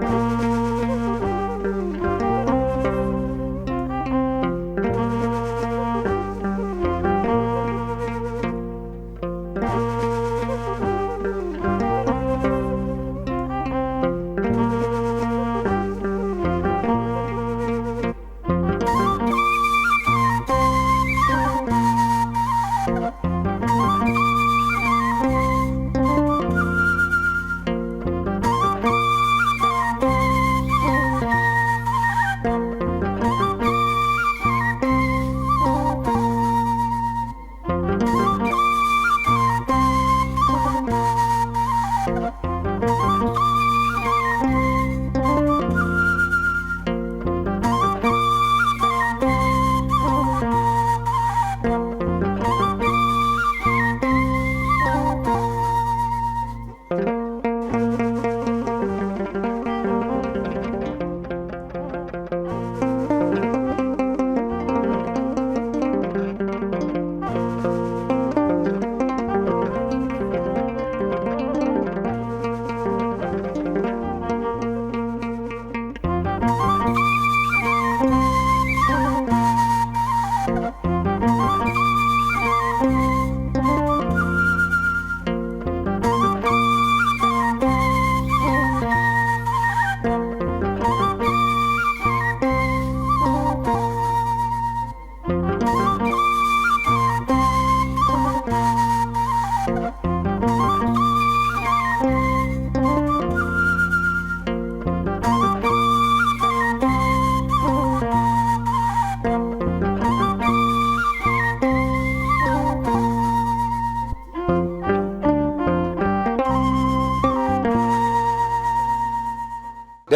Bye.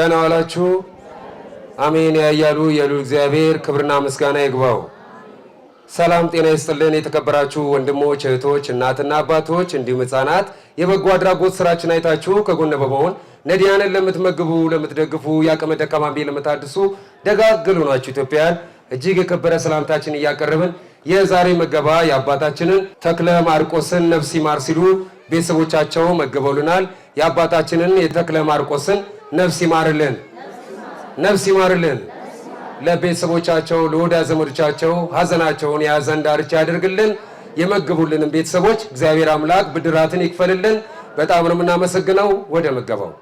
ደህና ዋላችሁ። አሜን ያያሉ የሉ እግዚአብሔር ክብርና ምስጋና ይግባው። ሰላም ጤና ይስጥልን። የተከበራችሁ ወንድሞች እህቶች፣ እናትና አባቶች እንዲሁም ህጻናት የበጎ አድራጎት ስራችን አይታችሁ ከጎነ በመሆን ነዲያንን ለምትመግቡ፣ ለምትደግፉ የአቅመ ደካማ ለምታድሱ ደጋግሉ ናችሁ ኢትዮጵያን እጅግ የከበረ ሰላምታችን እያቀረብን የዛሬ መገባ የአባታችንን ተክለ ማርቆስን ነፍስ ይማር ሲሉ ቤተሰቦቻቸው መገበሉናል። የአባታችንን የተክለ ማርቆስን ነፍስ ይማርልን፣ ነፍስ ይማርልን። ለቤተሰቦቻቸው ለወዳ ዘመዶቻቸው ሀዘናቸውን የሀዘን ዳርቻ ያደርግልን። የመግቡልንም ቤተሰቦች እግዚአብሔር አምላክ ብድራትን ይክፈልልን። በጣም ነው የምናመሰግነው። ወደ ምገባው